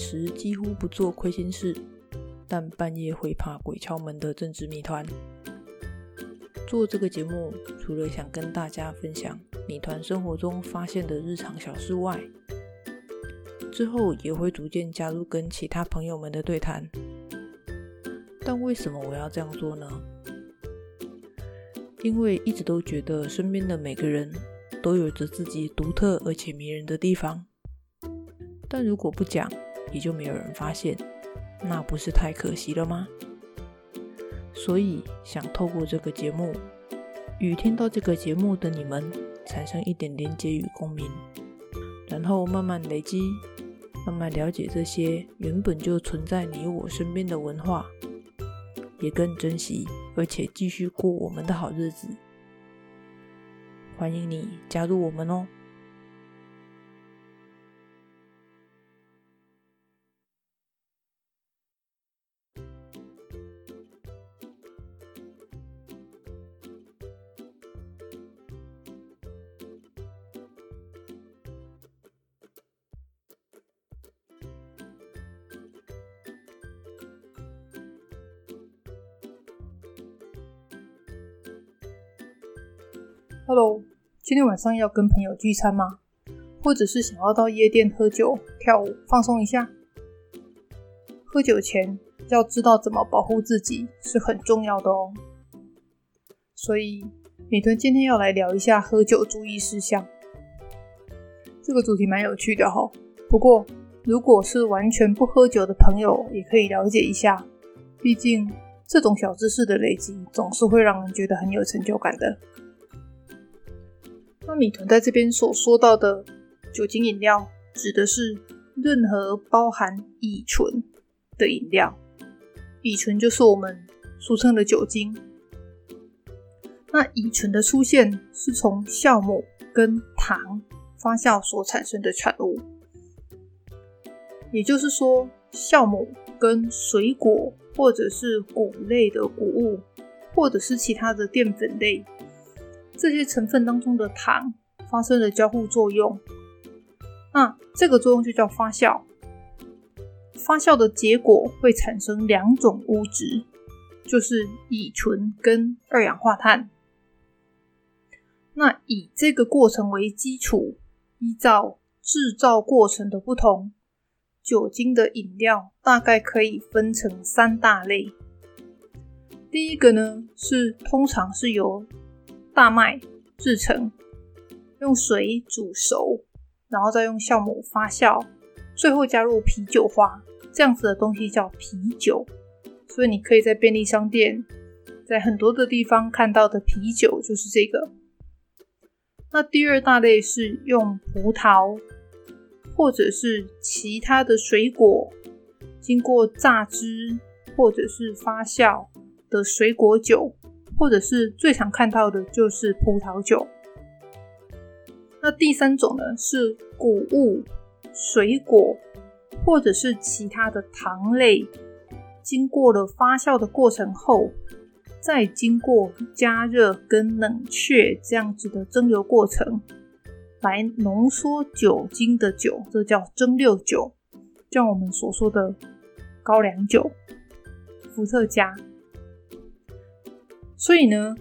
時幾乎不做虧心事，但半夜會怕鬼敲門的政治謎團。做這個節目，除了想跟大家分享謎團生活中發現的日常小事外，之後也會逐漸加入跟其他朋友們的對談。但為什麼我要這樣做呢？因為一直都覺得身邊的每個人都有着自己獨特而且迷人的地方。但如果不講。也就沒有人發現，那不是太可惜了嗎？所以想透過這個節目，與聽到這個節目的你們，產生一點點連接與共鳴，然後慢慢累積，慢慢了解這些原本就存在你我身邊的文化，也更珍惜，而且繼續過我們的好日子。歡迎你加入我們哦！Hello，今天晚上要跟朋友聚餐嗎？或者是想要到夜店喝酒、跳舞、放鬆一下？喝酒前要知道怎麼保護自己是很重要的哦。所以，美團今天要來聊一下喝酒注意事項。這個主題蠻有趣的哦，不過，如果是完全不喝酒的朋友，也可以了解一下。畢竟，這種小知識的累積總是會讓人覺得很有成就感的。那米團在這邊所說到的酒精飲料，指的是任何包含乙醇的飲料。乙醇就是我們俗稱的酒精。那乙醇的出現是從酵母跟糖發酵所產生的產物，也就是說，酵母跟水果或者是穀類的穀物，或者是其他的澱粉類。這些成分當中的糖發生了交互作用，那這個作用就叫發酵。發酵的結果會產生兩種物質，就是乙醇跟二氧化碳。那以這個過程為基礎，依照製造過程的不同，酒精的飲料大概可以分成三大類。第一個呢是通常是由大麥製成，用水煮熟，然後再用酵母發酵，最後加入啤酒花，這樣子的東西叫啤酒。所以你可以在便利商店，在很多的地方看到的啤酒就是這個。那第二大類是用葡萄或者是其他的水果，經過榨汁或者是發酵的水果酒。或者是最常看到的就是葡萄酒。那第三種呢，是穀物、水果，或者是其他的糖類，經過了發酵的過程後，再經過加熱跟冷卻這樣子的蒸餾過程，來濃縮酒精的酒，這叫蒸餾酒，像我們所說的高粱酒、伏特加。所以呢，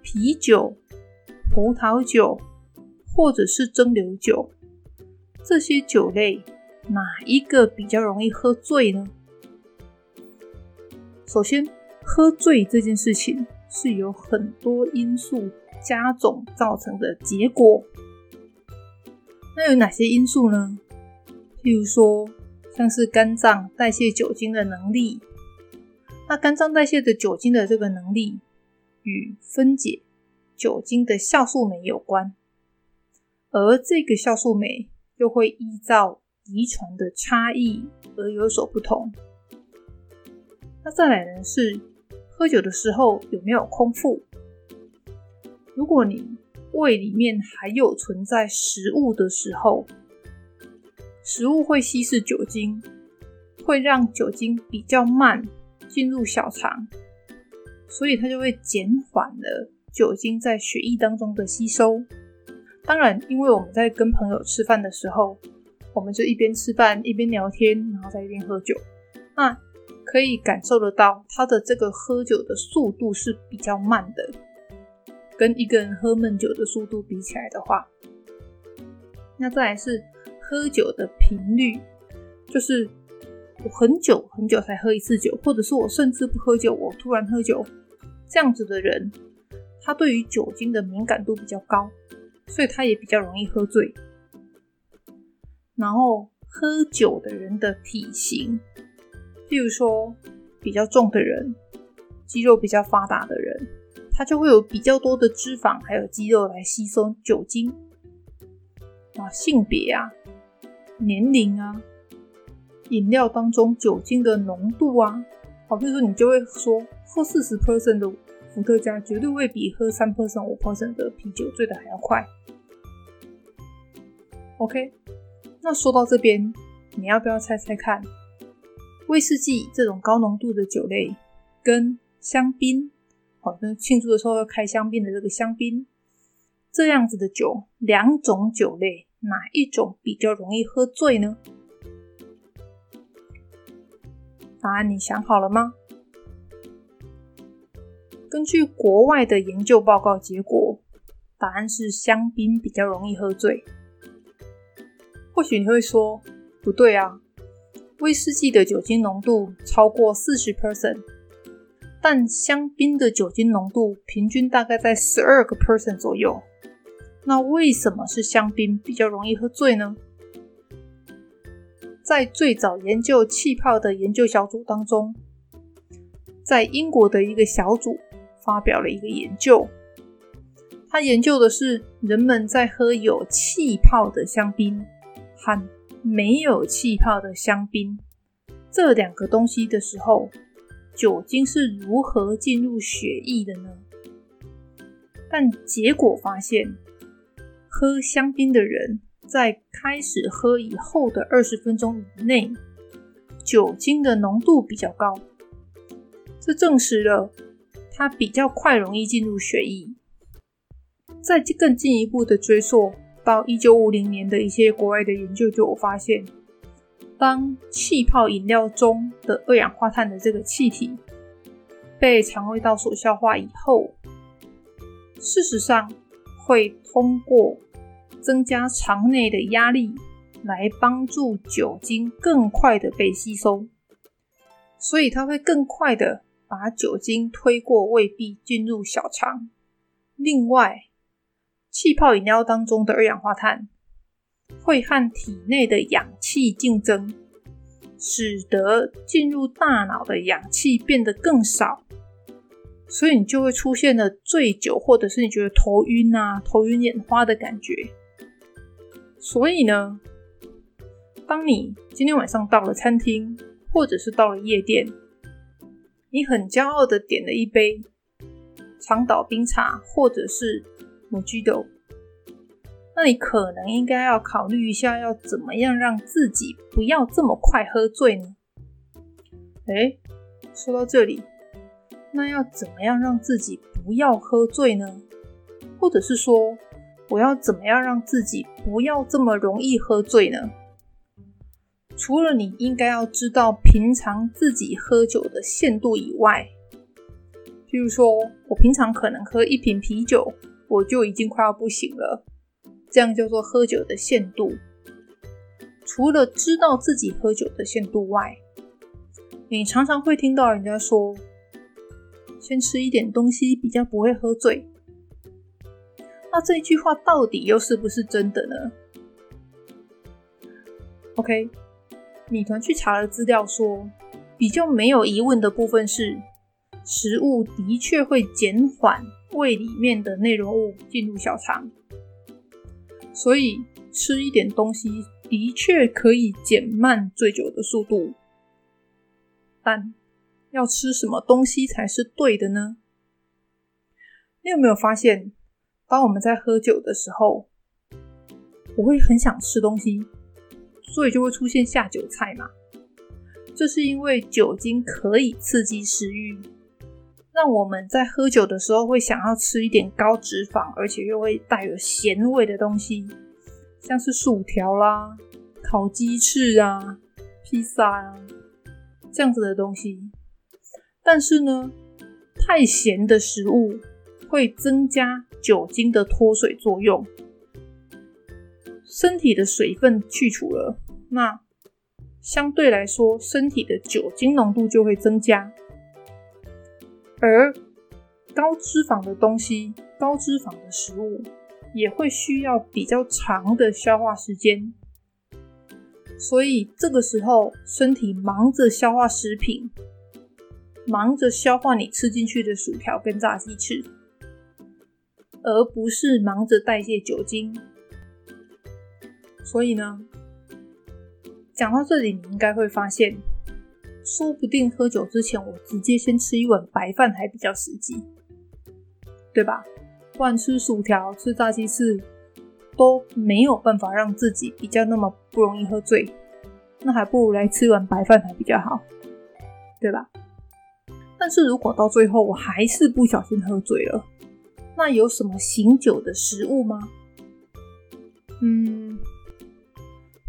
啤酒、葡萄酒或者是蒸餾酒，這些酒類哪一個比較容易喝醉呢？首先，喝醉這件事情是由很多因素加總造成的結果。那有哪些因素呢？譬如說，像是肝臟代謝酒精的能力，那肝臟代謝的酒精的這個能力。與分解酒精的酵素酶有關，而這個酵素酶就會依照遺傳的差異而有所不同。那再來的是喝酒的時候有沒有空腹？如果你胃裡面還有存在食物的時候，食物會稀釋酒精，會讓酒精比較慢進入小腸。所以它就會減緩了酒精在血液當中的吸收。當然，因為我們在跟朋友吃飯的時候，我們就一邊吃飯一邊聊天，然後在一邊喝酒，那可以感受得到它的這個喝酒的速度是比較慢的，跟一個人喝悶酒的速度比起來的話，那再來是喝酒的頻率，就是。我很久很久才喝一次酒，或者是我甚至不喝酒，我突然喝酒，這樣子的人，他對於酒精的敏感度比較高，所以他也比較容易喝醉。然後喝酒的人的體型，比如說比較重的人，肌肉比較發達的人，他就會有比較多的脂肪還有肌肉來吸收酒精。啊，性別啊，年齡啊。飲料當中酒精的濃度啊，好，比如說你就會說，喝四十 percent 的伏特加絕對會比喝三 percent、五 percent 的啤酒醉得還要快。OK，那說到這邊，你要不要猜猜看？威士忌這種高濃度的酒類，跟香檳，好，就慶祝的時候要開香檳的這個香檳，這樣子的酒，兩種酒類，哪一種比較容易喝醉呢？答案你想好了嗎？根據國外的研究報告結果，答案是香檳比較容易喝醉。或許你會說，不對啊，威士忌的酒精濃度超過四十 percent，但香檳的酒精濃度平均大概在十二個 percent 左右。那為什麼是香檳比較容易喝醉呢？在最早研究氣泡的研究小組當中，在英國的一個小組發表了一個研究。他研究的是人們在喝有氣泡的香檳和沒有氣泡的香檳這兩個東西的時候，酒精是如何進入血液的呢？但結果發現，喝香檳的人，在開始喝以後的二十分鐘以內，酒精的濃度比較高，這證實了它比較快容易進入血液。再更進一步的追溯到一九五零年的一些國外的研究，就我發現，當氣泡飲料中的二氧化碳的這個氣體被腸胃道所消化以後，事實上會通過。增加腸內的壓力，來幫助酒精更快的被吸收，所以它會更快的把酒精推過胃壁進入小腸。另外，氣泡飲料當中的二氧化碳會和體內的氧氣競爭，使得進入大腦的氧氣變得更少，所以你就會出現了醉酒，或者是你覺得頭暈啊、頭暈眼花的感覺。所以呢，當你今天晚上到了餐廳，或者是到了夜店，你很驕傲的點了一杯長島冰茶，或者是 Mojito，那你可能應該要考慮一下，要怎麼樣讓自己不要這麼快喝醉呢？誒、欸、說到這裡，那要怎麼樣讓自己不要喝醉呢？或者是說，我要怎麼樣讓自己不要這麼容易喝醉呢？除了你應該要知道平常自己喝酒的限度以外，譬如說我平常可能喝一瓶啤酒，我就已經快要不行了，這樣叫做喝酒的限度。除了知道自己喝酒的限度外，你常常會聽到人家說，先吃一點東西比較不會喝醉。那這一句話到底又是不是真的呢？OK，米團去查了資料說，說比較沒有疑問的部分是，食物的確會減緩胃裡面的內容物進入小腸，所以吃一點東西的確可以減慢醉酒的速度。但要吃什麼東西才是對的呢？你有沒有發現？當我們在喝酒的時候，我會很想吃東西，所以就會出現下酒菜嘛。這是因為酒精可以刺激食慾，讓我們在喝酒的時候會想要吃一點高脂肪，而且又會帶有鹹味的東西，像是薯條啦、烤雞翅啊、披薩啊這樣子的東西。但是呢，太鹹的食物，會增加酒精的脫水作用，身體的水分去除了，那相對來說，身體的酒精濃度就會增加。而高脂肪的東西、高脂肪的食物也會需要比較長的消化時間，所以這個時候身體忙着消化食品，忙着消化你吃進去的薯條跟炸雞翅。而不是忙着代謝酒精，所以呢，講到這裡，你應該會發現，說不定喝酒之前，我直接先吃一碗白飯還比較實際，對吧？亂吃薯條、吃炸雞翅都沒有辦法讓自己比較那麼不容易喝醉，那還不如來吃一碗白飯還比較好，對吧？但是如果到最後我還是不小心喝醉了。那有什麼醒酒的食物嗎？嗯，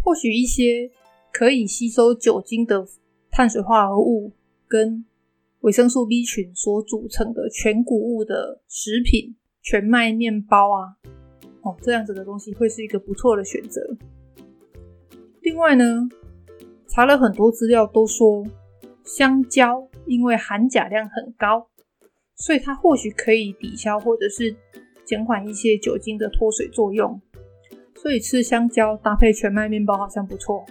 或許一些可以吸收酒精的碳水化合物跟維生素 B 群所組成的全穀物的食品，全麥麵包啊，哦，這樣子的東西會是一個不錯的選擇。另外呢，查了很多資料都說，香蕉因為含鉀量很高。所以它或許可以抵消，或者是減緩一些酒精的脫水作用。所以吃香蕉搭配全麥麵包好像不錯。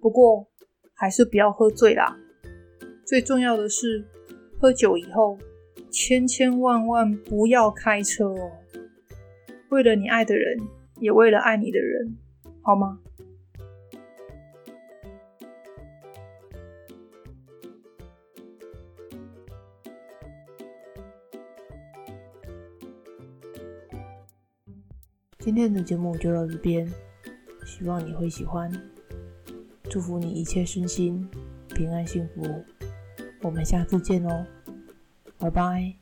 不過還是不要喝醉啦。最重要的是，喝酒以後千千萬萬不要開車哦。為了你愛的人，也為了愛你的人，好嗎？今天的節目就到這邊，希望你會喜歡，祝福你一切順心，平安幸福，我們下次見哦，拜拜。